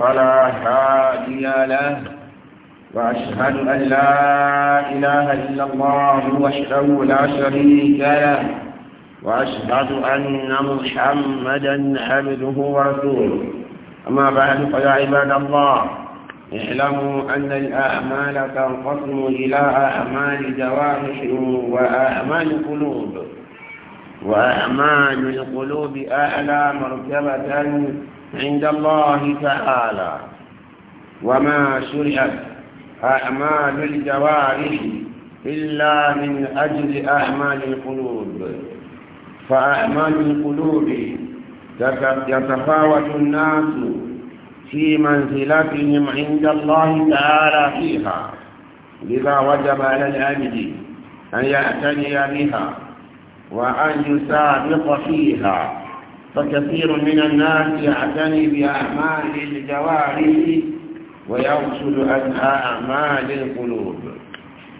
فلا هادي له وأشهد أن لا إله إلا الله وحده لا شريك له وأشهد أن محمدا عبده ورسوله أما بعد فيا عباد الله اعلموا أن الأعمال تنقسم إلى أعمال جوارح وأعمال قلوب وأعمال القلوب أعلى مرتبة عند الله تعالى وما شرعت أعمال الجوارح إلا من أجل أعمال القلوب فأعمال القلوب يتفاوت الناس في منزلتهم عند الله تعالى فيها لذا وجب على العبد أن يعتني بها وأن يسابق فيها فكثير من الناس يعتني بأعمال الجوارح ويغسل أعمال القلوب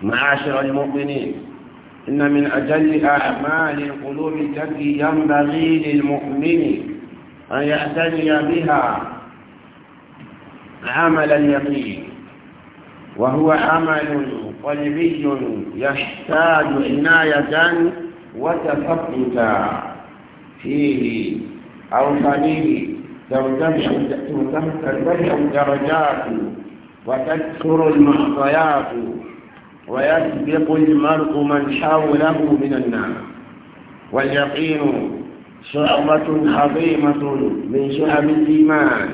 معاشر المؤمنين إن من أجل أعمال القلوب التي ينبغي للمؤمن أن يعتني بها عمل اليقين وهو عمل قلبي يحتاج عناية وتفقدا فيه أو قليل ترتفع الدرجات وتكثر المعطيات ويسبق المرء من حوله من الناس واليقين شعبة عظيمة من شعب الإيمان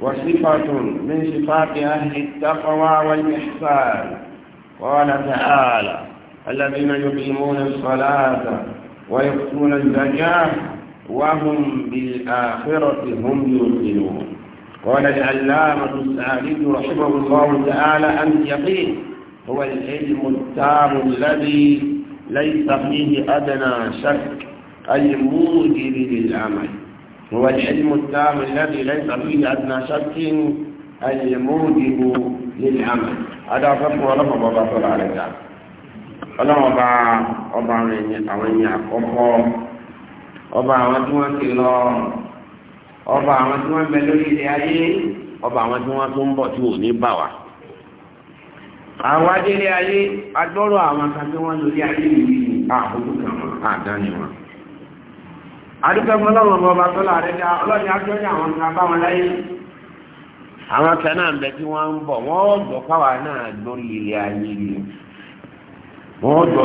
وصفة من صفات أهل التقوى والإحسان قال تعالى الذين يقيمون الصلاة ويؤتون الزكاة وهم بالآخرة هم يوقنون قال العلامة السعيد رحمه الله تعالى أن اليقين هو العلم التام الذي ليس فيه أدنى شك الموجب للعمل هو العلم التام الذي ليس فيه أدنى شك الموجب للعمل هذا فقه ورحمه أبقى صلى الله تعالى وسلم ọlọ́run ọba ọba àwọn ẹ̀yìn àkọ́kọ́ ọba àwọn tí wọn ti lọ ọba àwọn tí wọn bẹ lórí ilé ayé ọba àwọn tí wọn tó ń tí ò ní bà wá àwọn adélé ayé agbọ́rọ̀ àwọn kan tí wọ́n lórí ayé yìí àkókò kan wọn àdáni wọn adúpẹ́fún ọlọ́run ọba àwọn kan bá wọn àwọn kan náà bẹ tí wọ́n ń bọ̀ wọ́n gbọ́ káwa náà lórí ilé ayé yìí wọ́n gbọ́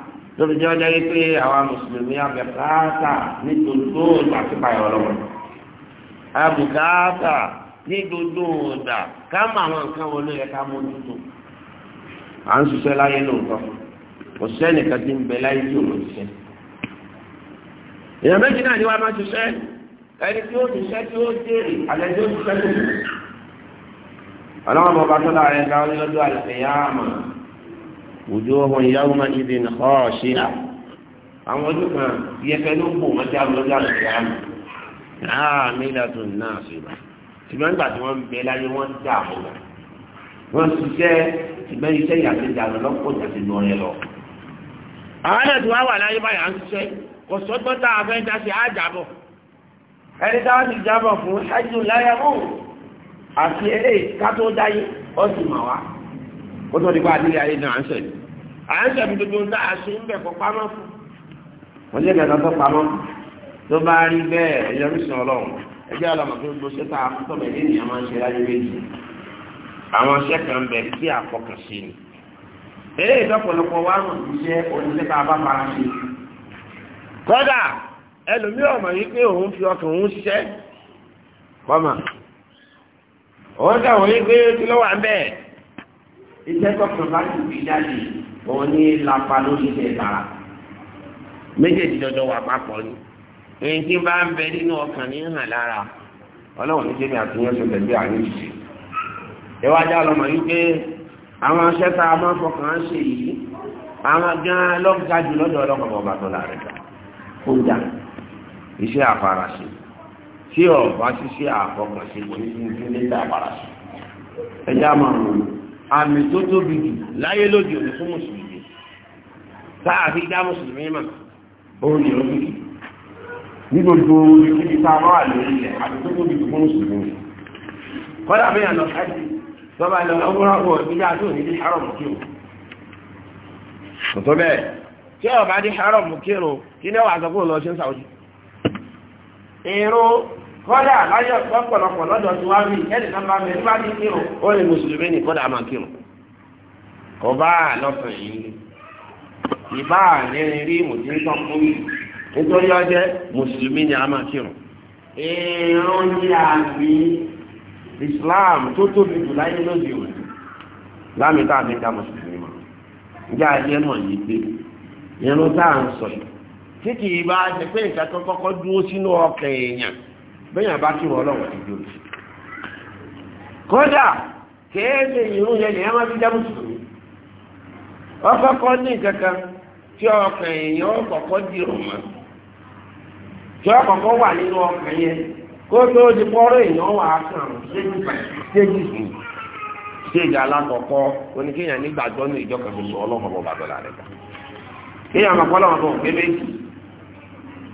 lórí jẹ́ ọjọ́ yìí pé àwa mùsùlùmí abẹ́káàtà ní gbogbo ọ̀dà sípa ẹ̀rọ lọ́wọ́ abùkáàtà ní gbogbo ọ̀dà ká mọ àwọn nǹkan wo ló yẹ ká mójútó à ń ṣiṣẹ́ láyé lóòótọ́ kò sẹ́nìkan ti ń bẹ láyé tí òun ṣiṣẹ́ èèyàn méjì náà ni wàá máa ṣiṣẹ́ ẹni tí ó ṣiṣẹ́ tí ó jèrè àlẹ́ tí ó ṣiṣẹ́ tó kù ọlọ́run bọ̀ bá tó láàrin ó ní lọ́jọ́ àlùfẹ́ wujuhun yawma idhin khashi'a àwọn ọdún kan yẹfẹ ló ń bò wọn jáde lọ́jọ́ àlùkò àmì àmì ìlàtún náà ṣùgbọ́n ṣùgbọ́n nígbà tí wọ́n ń bẹ láyé wọ́n ń dà àmì náà wọ́n ṣiṣẹ́ ṣùgbọ́n iṣẹ́ ìyàtẹ̀jà lọ lọ́pọ̀ ìjàtì lọ yẹn lọ. àwọn náà tí wọ́n wà láyé báyà ń ṣiṣẹ́ kò sọ́gbọ́n tá a fẹ́ dá sí àjàbọ̀ ẹni táwọn ti jábọ̀ fún ṣáájú láyé mọ́ àti eléyìí ayé náà ń ṣẹlẹ̀ à ń sẹ̀mí gbogbo ń dáa ṣe ń bẹ̀ kọ́ pamọ́ fún. wọ́n jẹ́ kẹta tó pamọ́ tó bá rí bẹ́ẹ̀ ẹ̀yọ́ rí sùn ọlọ́run ẹgbẹ́ ọlọ́mọ tó gbogbo ṣẹ́ta tọ́mọ ẹ̀dẹ́ ènìyàn máa ń ṣe láyé méjì àwọn iṣẹ́ kan bẹ̀ sí àfọkànṣe ni. eré ìdọ́pọ̀lọpọ̀ wa rùn iṣẹ́ oníṣẹ́ta bá fara ṣe. kódà ẹlòmíràn mọ̀ wípé òun fi ọkàn òun ṣiṣẹ́ kọ́mà òun dáwọn wípé tí ló wà ń bẹ́ẹ̀ iṣẹ́ tọkàn bá ti fi jáde òun ní lápá lórí iṣẹ́ tara méjèèjì dọ́dọ́ wà papọ̀ ni èyí tí bá ń bẹ nínú ọkàn ní hàn lára ọlọ́wọ́n ní sẹ́mi àtúnyẹ́ sọ tẹ̀lé àárín ìṣẹ́ ìwájà ọlọ́mọ yìí pé àwọn aṣẹ́ tá a máa fọkàn ṣe yìí àwọn gan lọ́gà jù lọ́dọ̀ ọlọ́kọ̀ọ́ ọba tó láàrin ká ó dà iṣẹ́ àfarasí tí ọba ṣiṣẹ́ àfọkànṣe kò ní sí ní sí ní ìta àfarasí ẹjẹ́ àmọ́ àwọn olùkọ́ àmì tó tóbi jù láyé lóde òní fún mùsùlùmí tá a fi dá mùsùlùmí mà òun ni ó fi ní gbogbo ibi tá a máa wà lórí ilẹ̀ àmì tó tóbi jù fún mùsùlùmí kọ́dà bí àná kájí tọ́ba lọ ọgbọ́n ọgbọ́n ìdílé àti òní dé haram kí o kò tó bẹ́ẹ̀ tí ọba dé haram kí o kí ni wàá sọ fún ọ lọ sí ń kọ́dà láyọ̀ lọ́pọ̀lọpọ̀ lọ́dọ̀ tí wọ́n rí ẹnì kan bá mi bá ní kírun ó lè mùsùlùmí ní kọ́dà máa kírun kò bá lọ́sàn yìí ìbá àlẹ́rin rí mùsùlùmí mi nítorí mùsùlùmí ni a máa kírun. ìrún Islam tó tóbi jù láyé lóde òní láàmì tá a fi ń dá mùsùlùmí mọ́ yìí pé tá ń sọ yìí bẹ́yàn bá kí wọ́n lọ́wọ́ ìjọ òsì kódà kéèké ìrún yẹn ni a máa fi já mùsùlùmí ọkọ̀ ní kankan tí èèyàn di ọ̀mọ́ tí ọkọ̀kọ́ wà nínú ọkàn yẹn kó tó di pọ́rọ̀ èèyàn wà á kàn séjì sí séjì alákọ̀ọ́kọ́ oníkéèyàn nígbàgbọ́ ìjọ kan tó sọ ọlọ́mọ bọ̀ lọ́wọ́ tó méjì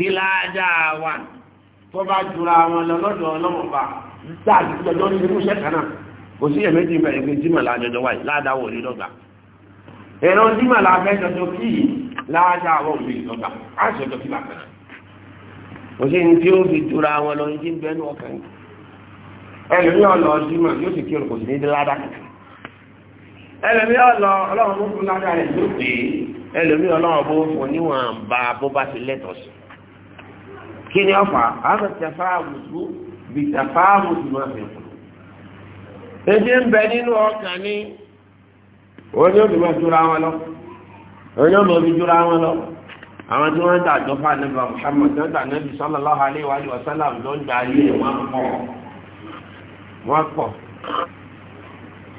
tí ládàá wà tó bá jura wọn lọ lọ́dọ̀ ọlọ́wọ́n bá dáàbí lọ́jọ́ ní irú iṣẹ́ kan náà kò sí ẹ̀mẹ́jì ń bẹ̀rẹ̀ pé jimá lájọjọ wáyé ládàá wò ní lọ́gbà ẹ̀rọ jimá láfẹ́ jọjọ kí ládàá wọ̀ ní lọ́gbà á ṣọjọ kí bàbá náà kò sí ní tí ó fi jura wọn lọ ní bẹ́ẹ̀nu ọkàn ẹlẹ́mí ọ̀lọ́ jimá yóò sì kírun kò sí ní ládàá kankan ẹlẹ́mí ọ̀lọ́ ọlọ́run ló fún ládàá rẹ̀ ló pè é ẹlẹ́mí ọlọ́run bó fún níwọ̀n bá bó bá ti lẹ́tọ̀ọ́ sí kí ni ọfà àwọn tẹfáàmùsù bí tẹfáàmùsù máa fi kù ebi ń bẹ nínú ọkàn ní oní òdìbò jura wọn lọ oní òdìbò jura wọn lọ àwọn tí wọn ń dàjọ fún ànábì Muhammad tí wọn dà ànábì sallallahu alaihi wa sallam ló ń darí ẹ wọn pọ̀ wọn pọ̀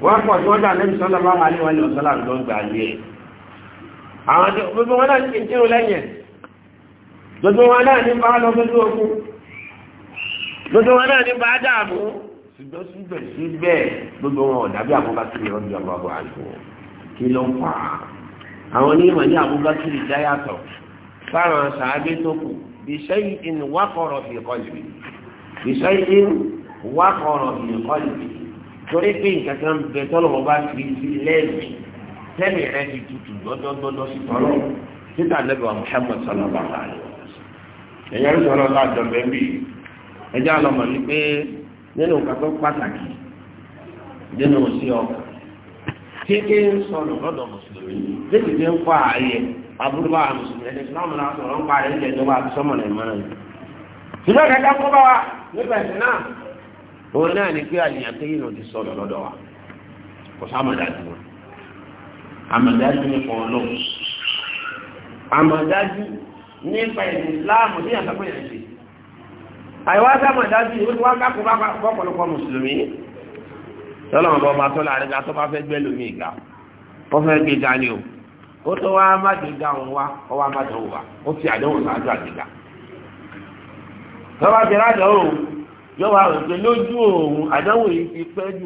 wọn pọ̀ tí wọn dà ànábì sallallahu alaihi wa sallam ló ń darí ẹ àwọn tí wọn náà ti ń kírun lẹ́yìn gbogbo wọn náà ní bá lọ sójú ogun gbogbo wọn náà ní bá dààmú ṣùgbọ́n síbẹ̀ síbẹ̀ gbogbo wọn ọ̀dàbí àbúbákiri ọjọ́ àbábọ̀ àjò kí ló ń fà á àwọn onímọ̀ ní àbúbákiri dáyàtọ̀ fáwọn sàábé tó kù bìṣẹ́yìn in wákọ̀rọ̀ fi kọlùbì bìṣẹ́yìn in wákọ̀rọ̀ fi kọlùbì torí pé nǹkan kan bẹ tọ́lọ̀ wọn bá fi sí lẹ́ẹ̀mí tẹ́lẹ̀ rẹ ti tutù gbọ́dọ́gbọ́dọ́ sí tọ́lọ̀ títà lẹ́bàá Muhammad sallallahu alayhi wa sallam ẹ̀yẹ́ rúṣọ náà tá àjọ bẹ́ẹ̀ bì pé nínú nǹkan pàtàkì nínú sí ọ kéèké ń sọnù lọ́dọ̀ mùsùlùmí lẹ́yìn tí ń kọ́ ààyè àbúrò mùsùlùmí ẹni tí láwọn náà sọ̀rọ̀ ń ìjọba àti yìí. ṣùgbọ́n kó bá wa nípa ẹ̀sìn náà òun náà pé ti lọ́dọ̀ wa kò sámọ̀dájú àmọ̀dájú nípa ẹ̀sìn ìsìláàmù sí àtàkùn ẹ̀sìn àìwá sáàmù ìdájú ìwé tí bá pọ̀pọ̀lọpọ̀ mùsùlùmí tọ́lọ́mọ̀ bọ́ bá tọ́lá rẹ̀ ga bá fẹ́ gbé ìgbà ó fẹ́ ga o tó wá má ti fi ti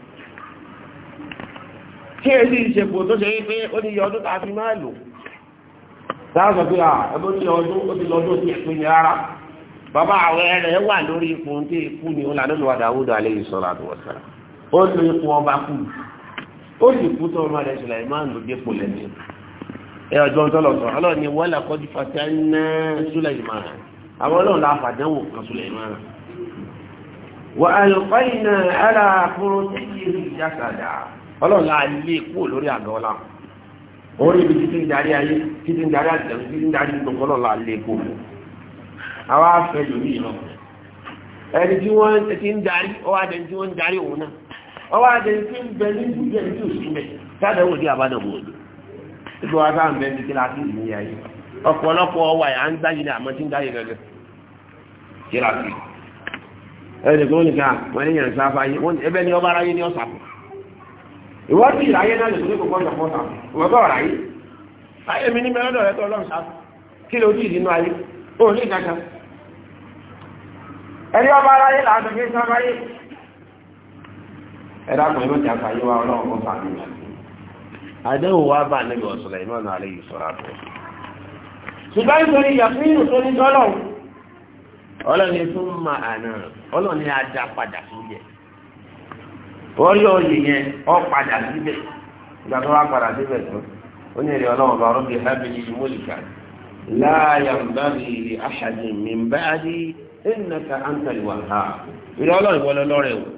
tí èyí ìṣègbò tó ṣe wípé ó ní iye ọdún tàbí máa lò láàrín pé ẹgbẹ́ ó ti ọdún ó ti lọ́dún ti ẹ̀pẹ́ ni rárá bàbá àwẹ̀ rẹ̀ wà lórí ipò tí ikú ni ó lànà lọ́wọ́ Dáúdà alayhi salatu wa salam ó lo ipò ọba kù ó sì kú tó ọmọ rẹ̀ ṣùlẹ̀ máa ń lò dépò lẹ́nu ẹ ọjọ́ tó lọ sọ ọlọ́run ni wọ́n làkọ́jú fatanna Sulaiman àwọn ọlọ́run ọlọ́run la lé kúrò lórí àgọ́ orí ibi títí ń darí ayé títí ń darí àjẹmí títí ń darí gbogbo la lé kúrò àwa fẹ́ lórí ẹni tí wọ́n ti ń darí ọwọ́ adé tí wọ́n ń darí òun náà ọwọ́ adé tí ń bẹ ní ìbùdó ẹni tí ò sí sáde wò àbádọ́gbò òdo ìgbà wa sáà ń bẹ ní kíláàsì ìlú ní ayé ọ̀pọ̀lọpọ̀ ọwọ́ àyà ń dáyé ní àmọ́ tí ń dáyé gẹ́gẹ́ kíláàsì ẹni tó ní ká wọ́n ní yẹn sáfà yé ẹbẹ́ ni ọba ìwọ́dí ìráyé náà lè tó ní gbogbo ọjọ́ fọ́ta ìwọ́dọ̀ ọ̀ráyé ayé mi ní mẹ́rọ́dọ̀ rẹ̀ tó ọlọ́run sáà kí ló dì nínú ayé ó ní ìdájá ẹni ọba aráyé láàrín ẹ̀dá kan yóò jà ọlọ́run kan àdéhùn bá iná náà lè yìí sọ́ra tó ṣùgbọ́n a orí oyè yẹn ọ padà síbẹ̀ ìgbà tó wá padà síbẹ̀ tó ó ní èrè ọlọ́run bá hábìlì láàyà mi rí aṣáájú mi ń bá a ẹnìkan àǹtàlì wà ha ìrẹ́ ọlọ́run ìwọ lọ́rẹ̀ o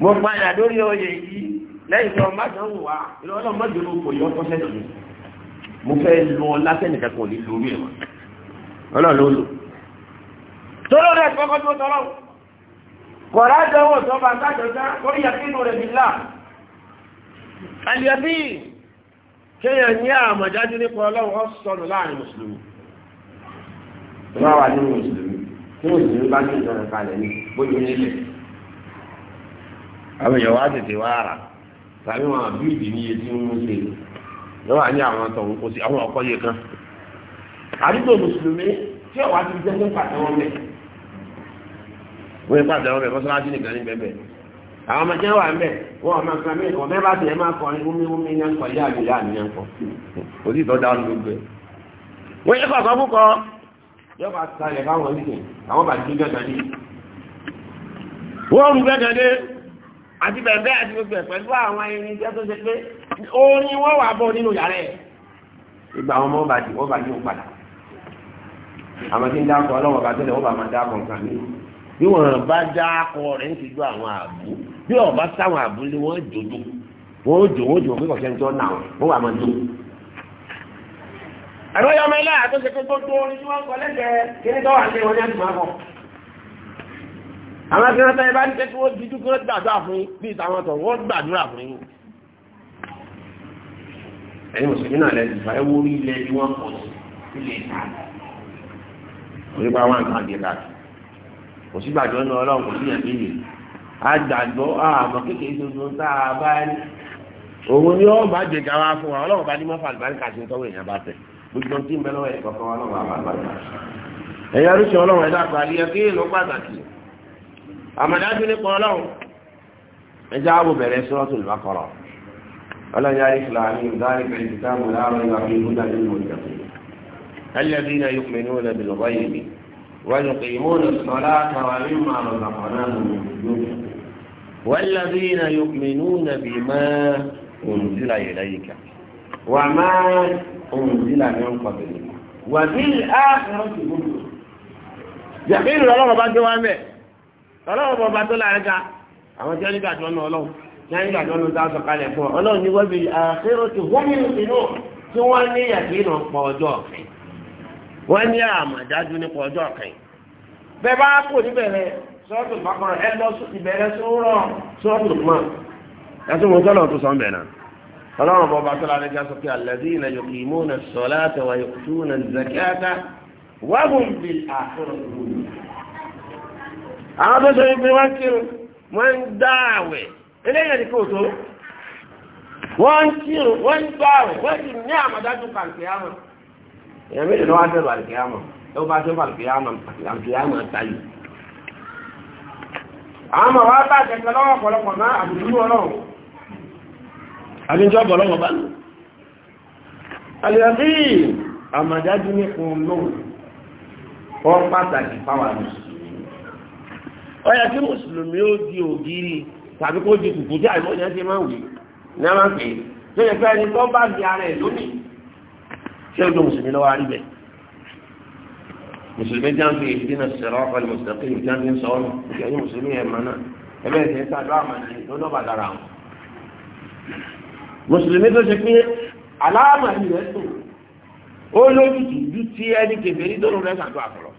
mo padà lórí oyè yìí lẹ́yìn tó ọmọ àti ọ̀hún ọlọ́run kò yọ mo fẹ́ lọ lásẹ̀nìkan kò ní lórí ẹ̀ wọ́n ọlọ́run ló lò tó lọ́rẹ̀ tó tọ́lọ́run kọ̀rá dánwò tó bá sájọ́já tó yà nínú rẹ̀ nílá alẹ́bí kéèyàn ní àmọ̀dájú nípa ọlọ́run ọ̀sọ̀nù láàrin mùsùlùmí bá wà nínú mùsùlùmí tí mùsùlùmí bá ní ìjọba kalẹ̀ ní bójú nílẹ̀ àwọn èèyàn wá tètè wá ara tàbí wọn àbí ìdí níye tí wọn ṣe sí wọ́n ipá àtẹ̀wọ́n bẹ̀ mọ́sálásí nìkan ní bẹ́ẹ̀ àwọn ọmọ jẹ́ wà ń bẹ̀ wọ́n ọmọ nǹkan mi ọ̀bẹ́ bá tiẹ̀ máa kọrin wúmi wúmi ní ẹnkọ yá àgbè yá àmì ẹnkọ òsì tó dáhùn gbogbo ẹ̀. wọ́n yẹ kọ̀ọ̀kan fúkọ yóò bá sàlẹ̀ fáwọn oníṣẹ́ gbogbo ẹ̀ àwọn irinṣẹ́ tó ṣe àmọ́ tí ń dákọ̀ ọlọ́wọ́ bàjẹ́ lẹ́wọ́ bà máa dákọ̀ nǹkan mìíràn bí wọn bá dá akọ rẹ̀ ń ti jó àwọn àbú bí ọba sáwọn àbú lé wọn jòjò wọn jò wọn jò pé kọ̀kẹ́ ń tọ́ náà wọn wà máa jó. àrùn ọyọ ọmọ ilé àtúnṣe pé gbogbo orin tí wọn kọ lẹsẹẹ kíní tó wà ní wọn ní àtúmọ̀ akọ. àwọn akẹ́kọ̀ọ́ sáyẹn bá ń tẹ́ kí wọ́n dídú kí wọ́n gbàdúrà fún yín bí ìtàwọn tọ̀ wọ́n gbàdúrà fún yín. ẹ̀yin mùsùlùmí náà lẹ́yìn ìfà ẹ̀wọ́ orí ilẹ̀ bí wọ́n pọ̀ sí kò sí gbàgbọ́ ní ọlọ́run kò sí yàn kéye àgbàgbọ́ àmọ́ kékeré tuntun tá a bá rí òun ni ó máa jẹ gàwa fún wa ọlọ́run bá ní mọ́fà àlùbáríkà sí tọ́wọ́ èèyàn bá tẹ̀ gbogbo tí ń bẹ lọ́wọ́ ẹ̀kọ́ kan ọlọ́run àbàlùbáríkà ẹ̀yà rúṣin ọlọ́run ẹ̀dá àgbà alẹ́ kí ló pàtàkì àmọ̀dájú nípa ọlọ́run ẹjá wo bẹ̀rẹ̀ sọ́ọ̀tù lùbákọ̀rọ̀ ọlọ́run yára ويقيمون الصلاة ومما رزقناهم ينفقون والذين يؤمنون بما أنزل إليك وما أنزل من قبلك وبالآخرة هم يقين الله bá jẹ́ wá mẹ́ ọlọ́run bọ̀ bá tó láàrin ká àwọn tí wọ́n nígbà tí wọ́n náà ọlọ́run tí wọ́n nígbà tí wọ́n náà sọ kalẹ̀ fún ọ ọlọ́run ní wọ́n bí àṣírò tí wọ́n nínú tí wọ́n ní yàtí náà pọ̀ ọjọ́ ọ̀fẹ́ wọ́n ní àmọ̀dájú nípa ọjọ́ kan bẹ́ẹ̀ bá kò níbẹ̀rẹ̀ sọ́ọ̀tù bàkọ̀rọ̀ ẹ lọ ìbẹ̀rẹ̀ sọ́ọ̀rọ̀ sọ́ọ̀tù mọ́ ẹtù mú tọ́lọ̀ tó sọ́ọ̀bẹ̀ náà ọlọ́run bọ́ba tó lára ẹja sọ pé àlẹ́dí ilẹ̀ yòókù ìmú na sọ̀lá àtẹwà yòókù tó na zakata wàhùn bí àkọ́rọ̀ àwọn tó sọ pé wọ́n kírun wọ́n ń dá àwẹ̀ eléyìí ẹni kò wọ́n kírun wọ́n ń dá àwẹ̀ wọ́n sì ní èèyàn méjì lọ́wọ́ àtẹ̀rù àlùkìyàmọ̀ ẹ bá tó àlùkìyàmọ̀ àlùkìyàmọ̀ tayò àwọn ọmọ wa bá tẹ̀sẹ̀ lọ́wọ́ ọ̀pọ̀lọpọ̀ náà àbùdúrú ọlọ́run àbíjọ́ ọ̀pọ̀lọpọ̀ bá alìyàbí àmàdájú ní ohun lóhùn wọ́n pàtàkì fáwọn mùsùlùmí ó yẹ kí mùsùlùmí ó di ògiri tàbí kó di kùkù tí àìmọ́ yẹn ti máa wù ní a máa pè é tó yẹ fẹ́ ni tó bá di ara ẹ̀ lónìí ṣé ojú mùsùlùmí lọ́wọ́ àríbẹ̀ mùsùlùmí jáǹfì ìdínà sirata al-mustaqim jáǹfì sọ́ọ́nù ìjọyìn mùsùlùmí ẹ̀ mọ́nà ẹ̀bẹ̀ ẹ̀sẹ̀ ṣàdúrà màdà lọ́dọ̀ bàdàrà wọn. mùsùlùmí tó ṣe pé aláàmà ilẹ̀ tó ó lójú tìjú tí ẹni kẹfẹ́ nítorí rẹ̀ ṣàdúrà fọlọ́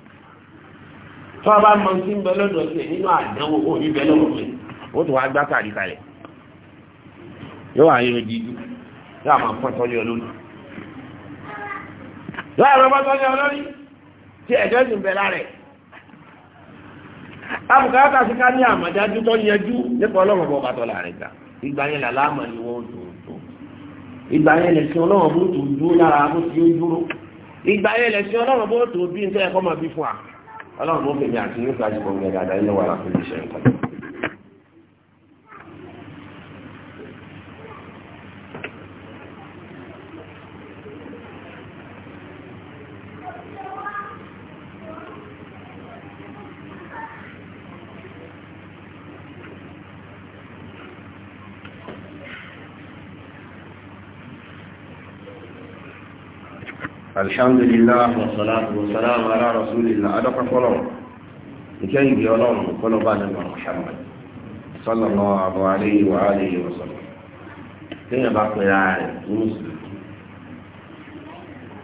tó a bá mọ sí ń bẹ lọ́dọ̀ sí ẹ̀ nínú àdánwò ó bẹ lọ́wọ́ pé ó tún wá gbá kàrí kalẹ̀ yóò wá yóò díjú yóò àmọ́ pọ́ńtọ́lé olóòtú láàrin ọba tó ń yẹ olórí tí ẹ̀jọ́ sì ń bẹ lára ẹ̀ abùkátà sí ká ní àmọ̀dájú tó yẹjú nípa ọlọ́run bọ̀ bàtọ̀ láàrin gbà ìgbà yẹn là láàmà ni wọ́n tó tó ìgbà yẹn lè sin ọlọ́run bó tó dúró lára bó ti ń dúró ìgbà yẹn lè sin ọlọ́run bó tó bí nítorí ẹ̀kọ́ máa bí fún wa ọlọ́run bó fèmí àti nípa àjùmọ̀ ní ẹ̀dá àdáyé alhamdulillah wasalaatu wasalaamu ala rasulillah adọ́kọ̀ fọlọ́ ìkẹ́ ìgbé ọlọ́run kọ́lọ́ bá nípa muhammad sallallahu alayhi wa alihi wa sallam téèyàn bá pè ra rẹ̀ ní mùsùlùmí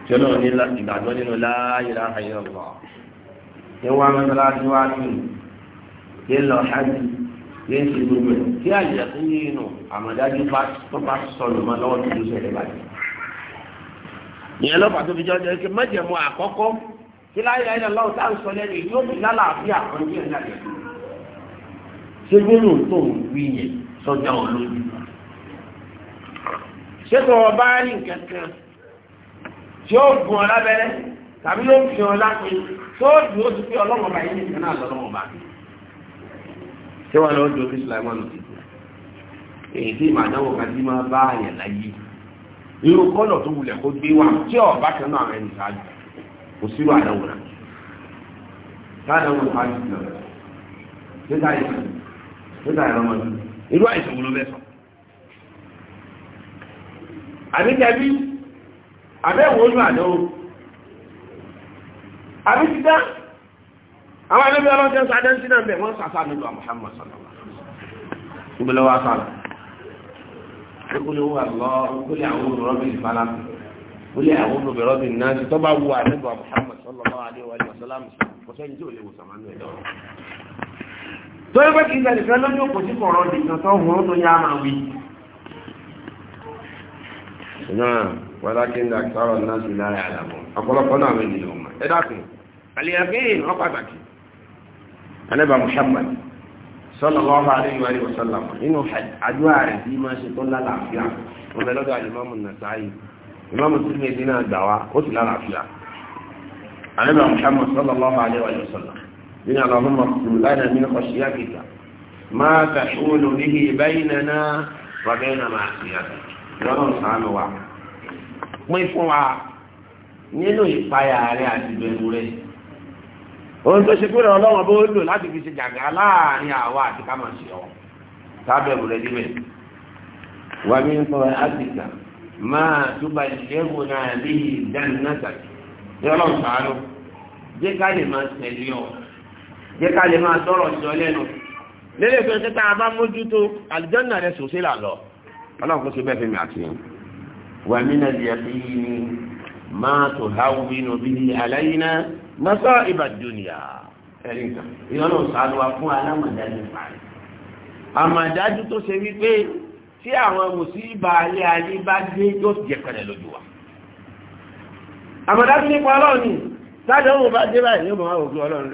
tí ọlọ́run ní ìgbàgbọ́ nínú la ilaha illallah ní wàá mẹ́tọ́lá tí wàá tù yé lọ hajj yé ń ṣe gbogbo ẹ̀ kí àyẹ̀kú yé nù àmọ̀dájú bá tó bá sọ̀rọ̀ mọ́ lọ́wọ́ tó ló ṣẹlẹ̀ báyìí ìyẹn lọ́pàá tó fi jọ́ jẹ́ pé mẹ́jẹ̀mú àkọ́kọ́ tí láyé ayé lọ́wọ́ tá à ń sọ lẹ́nu yóò fi lálàáfíà ọdún yẹn náà yẹn. ṣé gbólóhùn tó ń wí yẹn sọ́jà olójú. ṣé tó o bá rí nǹkan kan tí ó gùn ọ lábẹ́rẹ́ tàbí ló ń fi ọ lápẹ́ tó o dùn ó ti pé ọlọ́mọ bá yín nìkan náà lọ́mọ bá mi. ṣé wàá lọ́wọ́ dúró kí sùlámù ọ̀nà ti dùn èyí tí ìmọ̀ àdáwọ̀ kan ti máa bá àyàn láyé. irú kọ́lọ̀ tó wulẹ̀ kó gbé wá tí ọ̀bá kan náà rẹ̀ nìkan jù kò sírò àdáwò rẹ̀ sáàdáwò rẹ̀ wájú lọ nígbà ìsìn nígbà ìrọmọdé irú àìsàn ló fẹ́ abi àbíjẹbí àbẹ̀wò ojú àdáwò àbíjídá àwọn ẹlẹ́bí ọlọ́jọ́ sáadẹ́ńtì náà bẹ̀ wọ́n sàṣà nílùú kúlẹ̀ wà lọ kúlẹ̀ àwọn olùrọ́bì ìfàlà kúlẹ̀ àwọn olùbẹ̀rọ̀bì náà ti tọ́ba wu àdébọ̀ Muhammad sallallahu alaihi wa sallam kò sẹ́ni tí ò lè wò sàmánú ẹ̀ lọ́wọ́. torí pé kì í sẹ́ni fẹ́ lójú òkú sí kọ̀ọ̀rọ̀ nìkan tó hùn tó yá máa wí. náà wàlákin dàkítọ́rọ̀ náà sì lára àdàbọ̀ ọ̀pọ̀lọpọ̀ náà méjì sallallahu alayhi wa sallam inú àdúrà rẹ̀ bí máa ṣe tó lálàáfíà ọmọ ẹlọ́dọ̀ àlùmọ́mù nàṣáyì ìmọ́mù tí ní ẹ̀dínà àgbàwá ó sì lálàáfíà alẹ́bàá muhammad sallallahu alayhi wa sallam nínú àlọ́mọ́ lánàá nínú ọ̀ṣíyá kìkà máa tàṣúlù níhi baynana wa bayna máa ṣíyá lọ́nà sàánù wa pín fún wa nínú ìpayà rẹ̀ àti ohun tó ṣe kúrò ọlọ́wọ́n bó lò láti fi ṣe jàgà láàrin àwa àti ká máa ṣe ọ sábẹ́ ìwúrẹ́ níbẹ̀ wà mí ń sọ áfíríkà máa túbà ìṣẹ́gun náà bí ìdánilẹ́sà ní ọlọ́run sàánú jẹ́ ká lè máa tẹ̀lé ọ jẹ́ ká lè máa tọrọ ìjọ lẹ́nu lélẹ̀ fẹ́ ṣe tá a bá mójútó àlùjọ́nà rẹ̀ sòsí là lọ ọlọ́run kò ṣe bẹ́ẹ̀ fi mi àti wà mí náà di máa tó háwù bínú bí aláyínà mọ́sá ìbàdúnìyà ẹ̀ríkà ìyọ́nà alamada tó ṣe wípé tí àwọn mùsíbà ayé ayé bá dé yóò jẹ pẹ̀lẹ́ lójú wa àmọ̀dájú nípa ọlọ́run ni sáàdé òun bá dé báyìí yóò máa wògbé ọlọ́run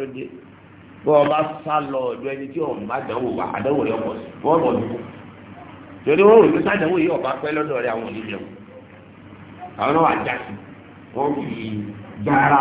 ló ọba sá lọ ọ̀dọ̀ ẹni tí òun bá dánwò wà àdánwò sí wọ́n bọ̀ torí ọba pẹ́ lọ́dọ̀ àwọn àwọn náà wà wọ́n fi gbára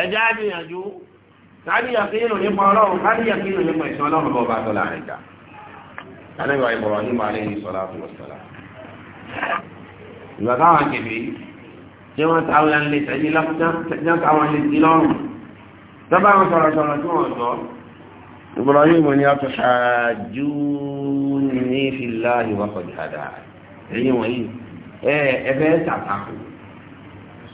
ẹjá àdìyànjú káníyàkínú nípa ọlọ́run káníyàkínú nípa ìṣọ́ ọlọ́run bọ́ bá tọ́lá àríkà tàníwà ìbọ̀rọ̀ nípa alẹ́ ní sọ́lá fún ọ̀sọ́lá ìgbà táwọn kèfè tí wọ́n táwọn lè tẹ̀lé lọ́pọ̀ táwọn lè ti lọ́rùn tọ́bá wọn sọ̀rọ̀ sọ̀rọ̀ tí wọ́n sọ ìbọ̀rọ̀ yìí mo ní ọtọ́ ṣáájú ní fìlà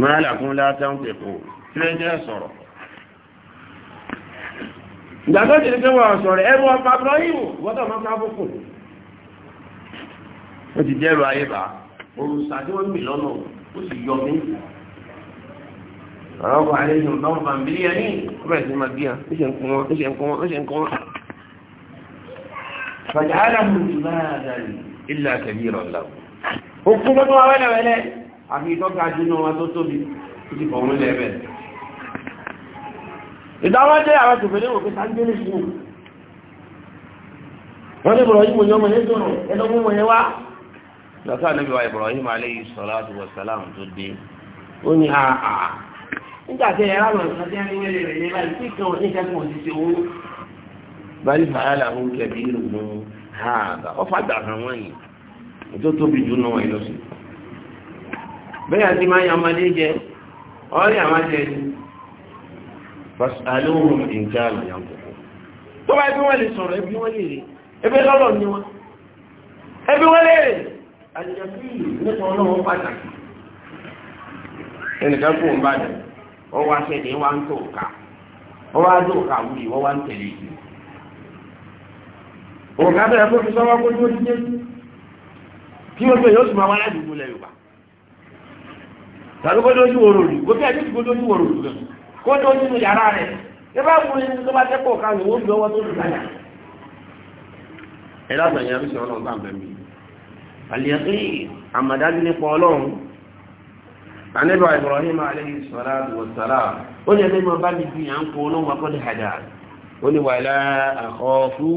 máa làkún látàn pẹ̀kọ́ tílẹ́jẹ́ sọ̀rọ̀ ìgbàtọ́ ti pé wọ́n sọ̀rọ̀ ẹrù ọpa Ibrahim wọ́tọ̀ máa ká fókùn ó ti dẹ́rù ayé bá olùsà tí wọ́n ń bì lọ́nà ó sì yọ mí àwọn ọkọ̀ àlejò náà bá ń bí yẹn ní ọbẹ̀ àfi ìtọ́ka jùnà wọn tó tóbi tó ti fọ̀wọ́n lẹ́ẹ̀bẹ̀ ìdáwọ́ jẹ́ àwọn tòfẹ́lẹ́ wọ́n pé sáńgbélé sí wọ́n ní Ibrahim yọ mọ̀ yẹ́ sọ̀rọ̀ ẹlọ́gbọ́n mọ̀ yẹ́ wá lọ́sọ́ ànábì wa Ibrahim alayhi salatu wa salam tó dé ó ní àà nígbà tí ẹ̀rọ a ní wẹ́rẹ̀ rẹ̀ lẹ́la ìpín kan ní kẹ́kọ̀ọ́ òṣìṣẹ́ owó báyìí fàyàlà ń kẹ̀bí ìrùn hàn ọ̀fà gbà hàn wọ́n yìí tó tóbi jù náà bẹ́yà tí máa yàn ọmọdé jẹ ọ̀rẹ́ àwọn jẹ ni alóhùn ìjà àlùyàn kòkó tó bá ẹbí wọ́n lè sọ̀rọ̀ ẹbí wọ́n lè rí ẹbí ní wọn ẹbí wọ́n lè rí àjẹ̀bí nípa ọlọ́run pàtàkì ẹnìkan kò ń bàjẹ́ wọ́n wá sẹ́dẹ̀ wá ń tó tàbí kó lójú wòrò rí kó bí àdéhùn kó lójú wòrò rí kó lójú nu yàrá rẹ̀ ẹ bá wù ní tó bá tẹ́kọ̀ọ́ kan ìwọ́n fi ọwọ́ tó lù láyà. ẹ lábàá yẹn arúgbó ọlọ́run bá ń bẹ̀ mí. àlìyàtí àmàdájú nípa ọlọ́run anẹ́bà Ibrahim alayhi salatu wa salam ó ní ẹgbẹ́ máa bá mi fi à ń kó olóhùn akọ́dé hàdà ó ní wàhálà àkọ́fú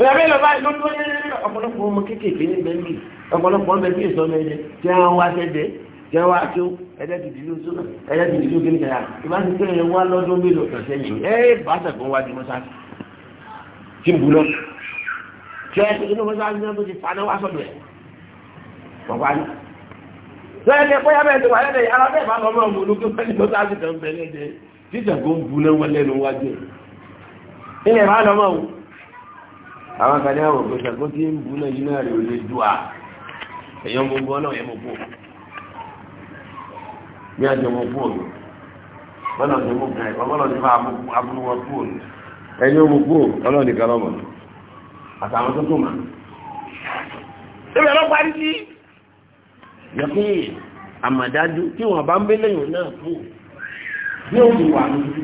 ìyàbí lọ bá ló dúró lẹ́lẹ́lẹ́ ọ̀pọ̀lọpọ̀ ọmọ kéékèèké ní bẹ́ńbì ọ̀pọ̀lọpọ̀ ọmọ ẹgbẹ́ ìsọmọ ẹ̀jẹ̀ tí wọ́n wá sẹ́jẹ̀ tí wọ́n wá tó ẹ̀jẹ̀ dìdì ló sọ́nà ẹ̀jẹ̀ dìdì ló kéde kẹ̀yà ìbá ti tẹ́ ẹ̀ wá lọ́dún mélòó kan sẹ́yìn ẹ̀ bàtà kan wá di mọ́sáàsì tí ń bu lọ tí ẹ̀ inú mọ́sáàsì náà tó ti faná wá sọ́dọ̀ ẹ̀ ọ̀pá ni. sọ́yẹ́dẹ̀ bóyá bẹ́ẹ̀ ti wà lẹ́dẹ̀ yàrá bẹ́ẹ̀ bá lọ́mọ ọmọ olókè pẹ́ẹ́lí mọ́sáàsì kan bẹ́ẹ̀ lẹ́dẹ̀ títà kó ń bu lẹ́wọ́ lẹ́nu wájú ẹ̀. ilẹ̀ bá lọ́mọ ọ̀hún àwọn kan ní àwọn òpèsè kó tí ń bú náà yìí náà rí olè dùà èyàn gbogbo náà yẹ mọ pò ní àjọ mọ pò ní bọ́lá ọ̀sẹ̀ mọ gan ẹ̀kọ́ bọ́lá ọ̀sẹ̀ máa aburú wọn pò ní ẹ̀yìn ọmọ pò ọlọ́run nìkan lọ́mọ àtàwọn tó tó mà. ṣébẹ̀ lọ parí sí. yọkí àmàdájú tí wọn bá ń bẹ lẹ́yìn náà pò ní òun wà lójú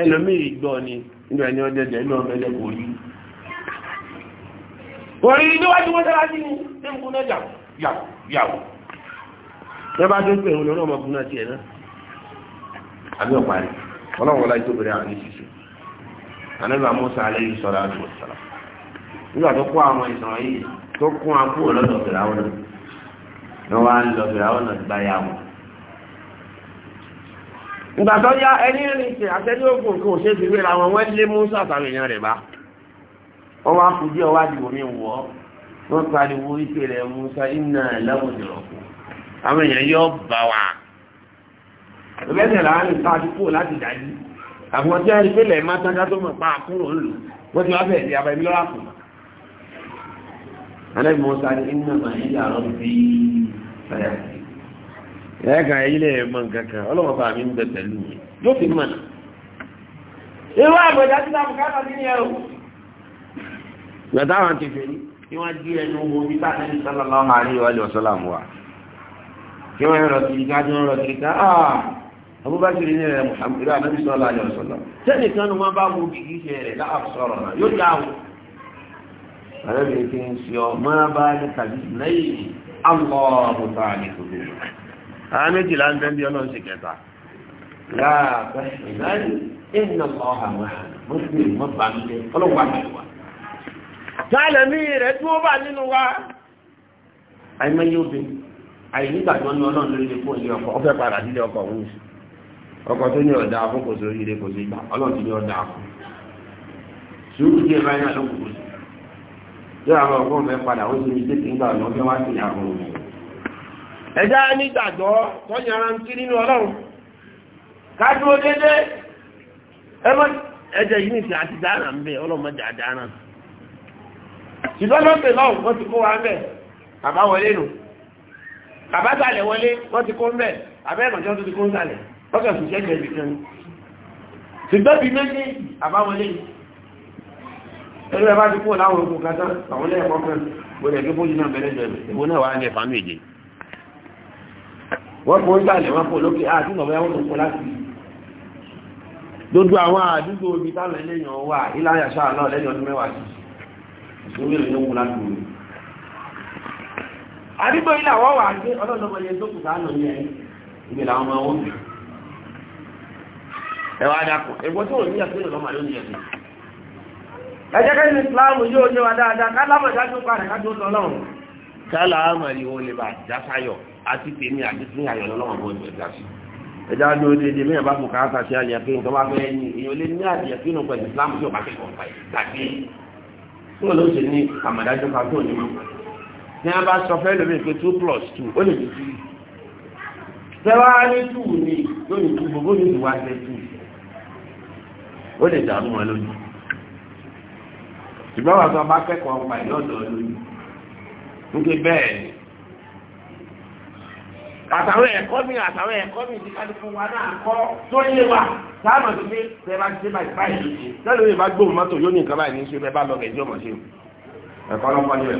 ẹlòmíì gbọ́ ni. nínú ẹni ọdẹ́dẹ́ inú ọmọdé kò rí orí níwájú mọ́sálásí ni ṣé ń kúná yàwó yàwó yàwó ṣé bá tó ń pè ń lọ́nà ọmọkùnrin náà tiẹ̀ náà àbí ọ̀pá rẹ̀ ọlọ́run wọlé tó bẹ̀rẹ̀ àwọn ìṣiṣẹ́ ànábì Mùsá alayhi ìgbà yá ẹni rìn sí àtẹ́lẹ́ ògùn kò ṣe ti wéra wọn wọ́n lé Musa àtàwọn èèyàn rẹ̀ bá wọ́n wá kú dìbò mi wọ́ wọ́n pariwo ìpè rẹ̀ Musa iná láwùjọ àwọn èèyàn yóò bá wa lẹ́sẹ̀ láàrin ká ti kúrò láti dájú àwọn tí a rí pélé má tájá tó mọ̀ pa àkúrò ńlò wọ́n ti wá bẹ̀rẹ̀ bí abẹ́ mi lọ́la kù. alẹ́ Musa ní iná màá ẹ̀ẹ́kan ilé ẹ̀mọ́ kankan ọlọ́wọ́ bá mi ń bẹ pẹ̀lú mi yóò fi mọ̀nà irú àgbẹ̀dá tí láàmù káàkà sí ní ẹ̀rọ gbẹ̀dáwọn ti fèrí kí wọ́n jí ẹnu wo bí táàkì ní sọ́lọ́lọ́ àárín ìwọlé ọ̀sọ́làmù wa kí wọ́n rọ̀ kiri ká jọ rọ̀ kiri ká áà ah! abúbáṣirí ní rẹ̀ ìlú àbẹ́bí sọ́lọ́ àlẹ́ ọ̀sọ́lọ́ sẹ́ni kan ni wọ́n bá wo kì àwọn méjìlá ń bẹ́ẹ̀ ọlọ́run ṣe kẹta. láàbẹ̀ ìlànà ìnà ọ̀hà mọ̀ sí ìmọ̀ bá ń bẹ ọlọ́wà mẹ́wàá. táàlẹ̀ mi wa. àìmọye obìnrin àyè nígbàgbọ́ ní ọlọ́run lórí ilé fún ilé ọkọ ọ fẹ́ ọkọ òun sí ọkọ tó ní ọ̀dà fún kò sórí ilé kò sí gbà ọlọ́run ti ní ọ̀dà fún sùúrù díẹ̀ báyìí náà ló kù kù sí. yóò àwọn ọgbọ́n mẹ́ padà ó ẹjá nígbàgbọ́ tó yàrá ń kí nínú ọlọ́run kájúwó dédé ẹjẹ yìí nìsí àti dáná ń bẹ ọlọ́mọdé àdáná ṣùgbọ́n lọ́pẹ̀ lọ́wọ́ wọ́n ti kó wa ń bẹ̀ bàbá wọlé nù bàbá sàlẹ̀ wọlé wọ́n ti kó ń bẹ̀ abẹ́ ìmọ̀jọ́ tó ti kó ń sàlẹ̀ lọ́kẹ̀ ṣùṣẹ́ ìgbẹ́ ibi kan ṣùgbọ́n bí méjì bàbá wọlé ẹgbẹ́ bá ti kó láwọn ogun kan tán àwọn ẹlẹ́ẹ̀kọ́ kan gbọ́dẹ̀ tó bójú náà bẹ̀rẹ̀ jẹ́ ìwọ náà wà á ní èdè wọ́n fún ìgbàlẹ̀ wọ́n fún lókè àti ìmọ̀bẹ́ wọ́n tó fún láti lójú àwọn àdúgbò ibi táwọn eléyàn wà ìlànà sáà náà lẹ́yìn ọdún mẹ́wàá sí ìṣòro ìlú wọn láti wò àdúgbò ilé àwọn wà gbé ọlọ́dọ̀mọ yẹn tó kù sáànà yẹn ìgbè làwọn ọmọ wọn ẹwà adakọ ẹgbọ́n tó wọ́n ní ẹ̀sìn ìlọ́mà lónìí ẹ̀sìn ẹjẹ́ kẹ́sì Islam yóò yé wa dáadáa kálámà dájú pa rẹ̀ kájú ọlọ́run kálámà yìí wọ́n lè bá dásáyọ̀ àti tèmi àti tí àyọ̀ lọ́wọ́ bó ti ẹ̀dá sí. ẹ̀dá ní o dédé mẹ́rin bá fún ká sàṣẹ àyẹ̀kín tó bá fẹ́ ní èèyàn lé ní àyẹ̀kín pẹ̀lú Islam tí o bá kẹ́kọ̀ọ́ pa ẹ̀ tàbí tí wọ́n ló ṣe ní àmàdájọ́ kan tó ní mọ́. ní a bá sọ fẹ́ lómi pé two plus two ó lè di two. tẹ́wàá ní two ni yóò ní two gbogbo ní ìwà ṣe two. ó lè dààmú wọn lójú. ṣùgbọ́n wàá sọ bá kẹ́kọ̀ọ́ pa ẹ̀ lọ́dọọdún àtàwọn ẹ̀kọ́ mi àtàwọn ẹ̀kọ́ mi ti kájú fún wa náà kọ́ tó yé wa sáàmù tó dé bẹ́ẹ̀ bá dé báyìí báyìí ló ṣe lẹ́nu ìbá gbóhùn mọ́tò yóò ní nǹkan báyìí ní ṣe bẹ́ẹ̀ bá lọ kẹ̀jọ́ ọmọ ṣe ẹ̀kọ́ ló kọ́ níbẹ̀.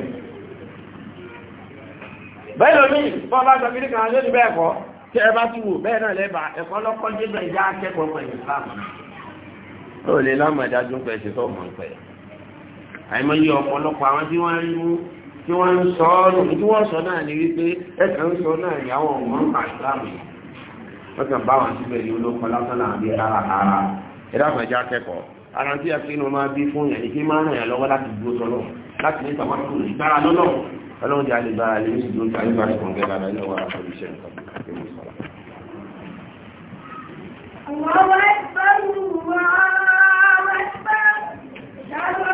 bẹ́ẹ̀ lómi bọ́ bá sọ kíní kan lónìí bẹ́ẹ̀ kọ́ tí ẹ bá ti wò bẹ́ẹ̀ náà lẹ́bà ẹ̀kọ́ ló kọ́ débẹ̀ ìjà akẹ́kọ̀ọ́ pẹ̀lú ìsìlámù tí wọ́n ń sọ ọ́nà tí wọ́n sọ náà ní wípé ẹ̀kẹ́ ń sọ náà ní àwọn ọmọ ń pàṣípàmù wọ́n kàn bá wọn síbẹ̀ ní olóko lásán náà bí rárá rárá ẹ̀dá àgbàjá akẹ́kọ̀ọ́ ara tí a fi ń máa bí fún yẹn kí máa ràn yàn lọ́wọ́ láti dúró sọ́lọ́ láti ní ìtàwọn tó lè gbára lọ́lọ́ ọlọ́run jẹ́ àlebára lè ní ìdúró Akbar, Allahu Akbar,